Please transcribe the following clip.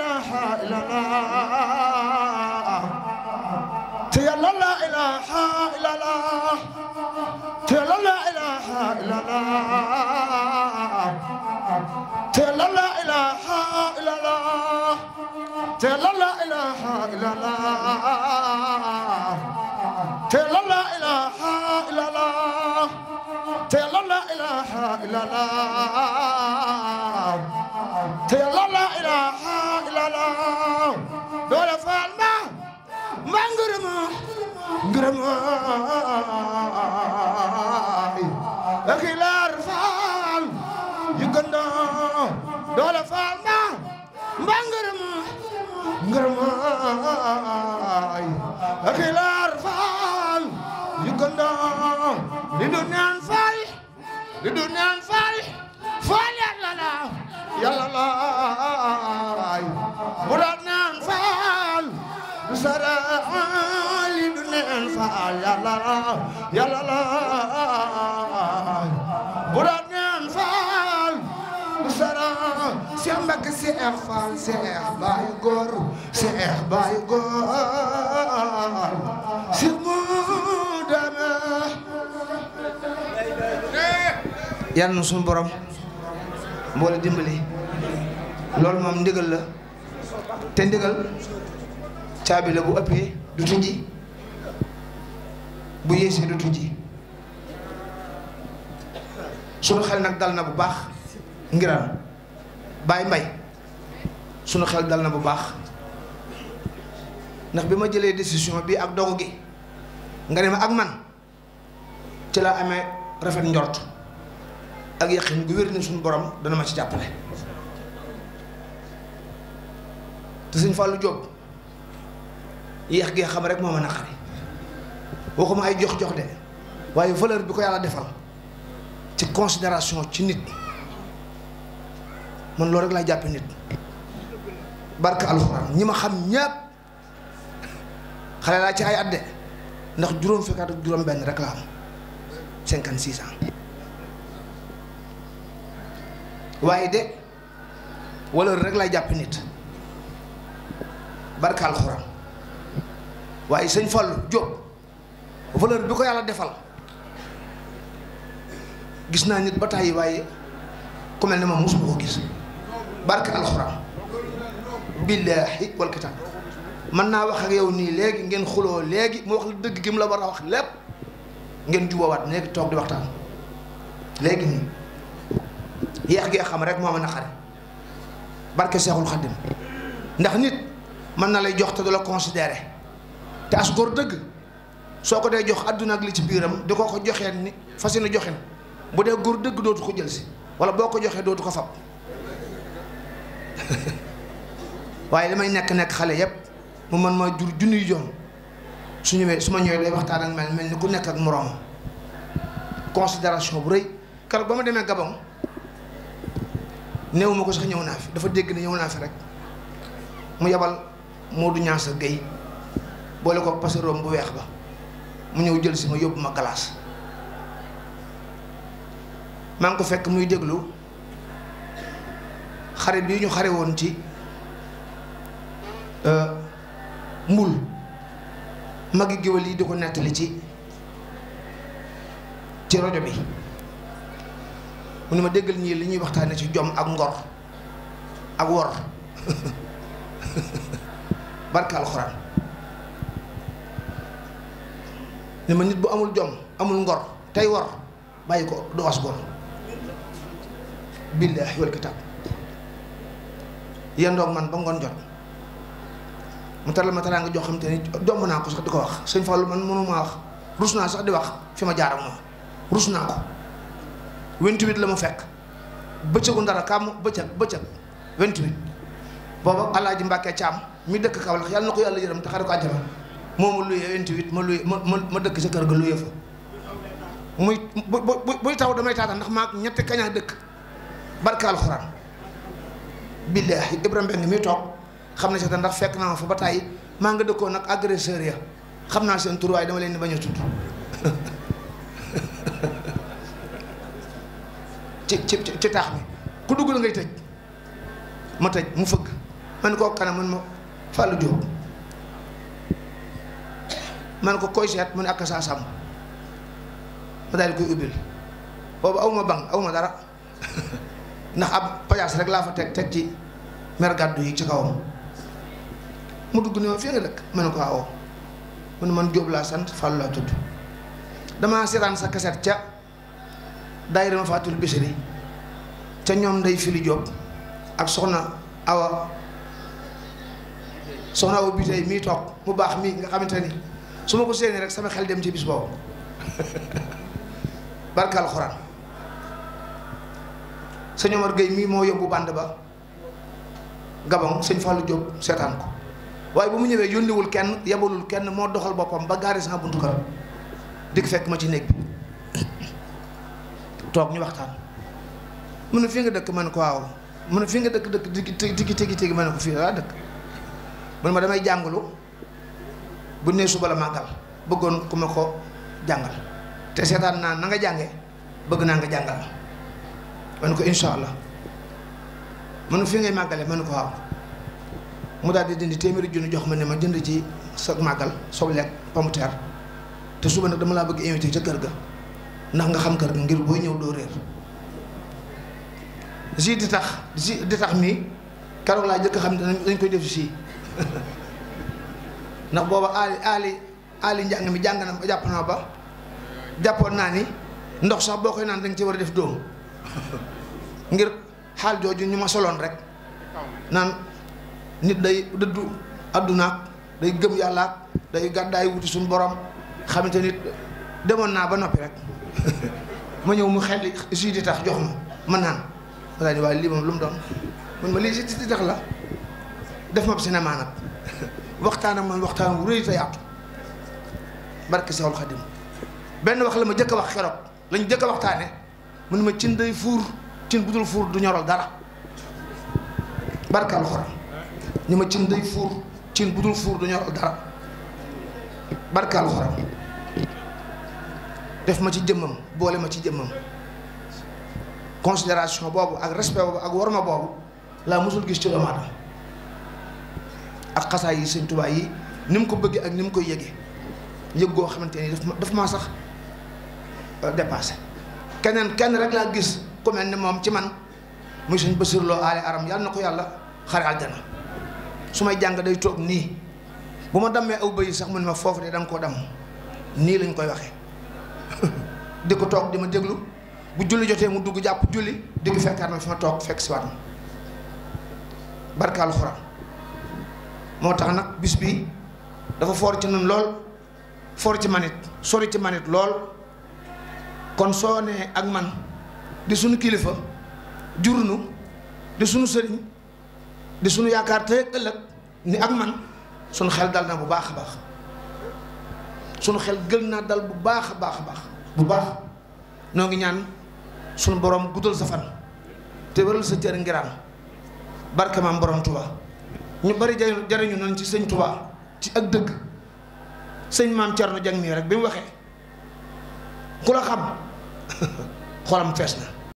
إله إلا الله تيا لا لا إله إلا الله تيا لا لا إله إلا الله تيا لا لا إله إلا الله تيا لا لا إله إلا الله تيا لا لا إله إلا الله تيا لا لا إله إلا الله تيا لا لا إله ngërëma ngërëma ak ilaar faal yu gëndo doole faal ma mba ngërëma ngërëma ak ilaar faal yu gëndo li du naan faal li du naan la yàlla la yàlla la bu doon neen faal bu sara seex faal seex baay góor seex baay góor si mu deme yàlla na suñu borom mboole dimbali loolu moom ndigal la te ndigal caabi bu ëppee du tijji bu yéesee du tujji sunu xel nag dal na bu baax ngiran baay mbay sunu xel dal na bu baax ndax bi ma jëlee décision bi ak dogu gi nga ne ma ak man ci laa amee rafet njort ak yaqin gu wér ni suñu borom dana ma ci jàppale te sëñ Fallou Diop yéex gee xam rek moo ma naqari waxuma ay jox jox de waaye valeur bi ko yàlla defal ci considération ci nit man loolu rek laay jàppe nit barka alxuraan ñi ma xam ñépp xale laa ci ay at ndax juróom fukki ak juróom benn rek laa am cinquante waaye de wala rek laay jàpp nit barka alxuraan waaye sëñ Fallou Diop valeur bi ko yàlla defal gis naa nit ba tàyyi waaye ku mel ne moom mosuma ko gis barke alxuraan billaahi wal kitaab mën naa wax ak yow nii léegi ngeen xuloo léegi mu wax la dëgg gi mu la war a wax lépp ngeen juboowaat léegi toog di waxtaan léegi nii yeex gee xam rek moo mën a xare barke seexul xaddim ndax nit mën na lay jox te du la considéré te as dëgg soo ko dee jox àdduna ak li ci biiram di ko ko joxee ni fas yéene joxin bu dee góor dëgg dootu ko jël si wala boo ko joxee dootu ko fab waaye damay nekk nekk xale yépp mu man ma jur junniy joon su ñëwee su ma ñëwee lay waxtaan ak mel mel ni ku nekk ak moroom considération bu rëy kar ba ma demee Gabon néew ma ko sax ñëw naa fi dafa dégg na ñëw naa fi rek mu yebal Modou Niass Guèye boole ko paseroom bu weex ba mu ñëw jël si ma yóbbu ma classe maa ngi ko fekk muy déglu xare bi ñu xare woon ci euh, mbul magi géwél yi di ko nettali ci ci rajo bi mu ne ma déggal ñii li ñuy waxtaane ci jom ak ngor ak wor barka alxuraan ne ma nit bu amul jom amul ngor tay war bayiko ko was as gor billaahi wal kitaab yendoog man ba ngon jot mu tal ma teraanga joo xam te ni jomb ko sax diko wax seigne fallu man mënuma wax rusna sax di wax fi ma jaar ak moom ko 28 la ma fekk bëccëgu ndara kam bëccëg bëccëg 28 bobo Alaaji Mbàkke cham mi dekk Kawlax yalla nako yalla yeeram yërëm te ko aljama moo ma luyee vingt ma luyee ma ma dëkk sa kër ga luyee fa muy buy taw damay taata ndax maa ñetti kañaa dëkk barke alxuraan billaahi Ibrahima Mbengue mi toog xam na sax ndax fekk naa fa ba maa nga dëkkoon ak agresseur ya xam naa seen tur dama leen di bañ tudd ci ci ci taax bi ku dugg la ngay tëj ma tëj mu fëgg man koo kanam man ma Fallou Diop man ko koy set mun ak sa sam ma dal koy ubil bobu awuma bang awuma dara ndax ab pajaas rek la fa tek tek ci mer gaddu yi ci kawam mu dugg ne fi nga lek man ko awo mun man job la sant fal la tud dama setan sa kasset ca daire ma fatul bisri ca ñom day fili job ak soxna awa soxna wo bi tey mii toog mu baax mi nga xamanteni su ma ko séenee rek sama xel dem ci bis boobu barke alxuraan sëñ Omar Gueye mii moo yóbbu band ba Gabon sëñ Fallou Diop seetaan ko waaye bu mu ñëwee yónniwul kenn yebalul kenn moo doxal boppam ba gaari sama buntu këram dikk fekk ma ci néeg bi toog ñu waxtaan mu ne fii nga dëkk ma ne ko waaw mu ne fii nga dëkk dëkk tigi tigi tigi tigi ma ne ko fii laa dëkk mu ne ma damay jàngalu bu nee suba la màggal bëggoon ku ma ko jàngal te seetaan naa na nga jànge bëgg naa nga jàngal ma man ko incha allah man fi ngay màggale man ko waaw mu daal di dindi téeméeri junni jox ma ne ma jënd ci sa màggal soble ak pomme te suba nag dama laa bëgg invité ca kër ga ndax nga xam kër ga ngir booy ñëw doo réer jus di tax jus di tax mi keroog laa jëkk xam ne dañ koy def si Nak bawa ali ali ali jang mi jang na japp na ba jàppoon na ni ndox sax bokoy e nan dang ci wara def dom ngir hal joju ñuma solon rek nan nit day dëddu aduna day gem yalla day gaday wuti suñu borom xamante nit demon na ba nopi rek ma ñew mu xel ci di tax jox ma ma naan ma daal di waaye lii lu mu mun ma li ci di tax la def ma cinéma nag وقتنا من وقتنا وريت يا عبد بركس يا الخادم بين وقت لما جاك وقت خراب لين جاك وقتنا من ما تشندي فور تشند بدل فور الدنيا رالدارا بركة الخرا من ما تشندي فور تشند بدل فور الدنيا رالدارا بركة الخرا def ma ci jëmmam boole ma ci jëmmam considération boobu ak respect boobu ak warma boobu la musul gis ci doomu adama ak xasaay yi seigne touba yi ni ko bëgg ak ni ko koy yëgee yëg goo ni daf ma daf sax euh, dépassé kenen kenn rek la gis ku melni mom ci man muy seigne Basiru Lo ali aram yalla nako ko yàlla xare aljana su may day tok ni buma damé aw bëy sax mu ma foofu de da nga lañ koy waxé diko ko dima déglu bu julli joté mu dugg japp julli di ko fekkaat ma fi ma toog fekk si waat barka alquran motax nak bis bi dafa for ci nun lol for ci manit sori ci manit lol kon soone disun ak man di sunu kilifa jurnu di sunu serign di sunu yakar te ëlëk ni ak man sunu xel dal na bu baax baax sunu xel gël na dal bu baax baax baax bu baax no ngi ñaan sunu borom guddal sa fan te wëral sa ciir ngiram barke borom tuba ñu bari jariñu nañ ci sëñ Touba ci ak dëgg sëñ maam Thierno Dieng nii rek bi mu waxee ku la xam xolam fees na.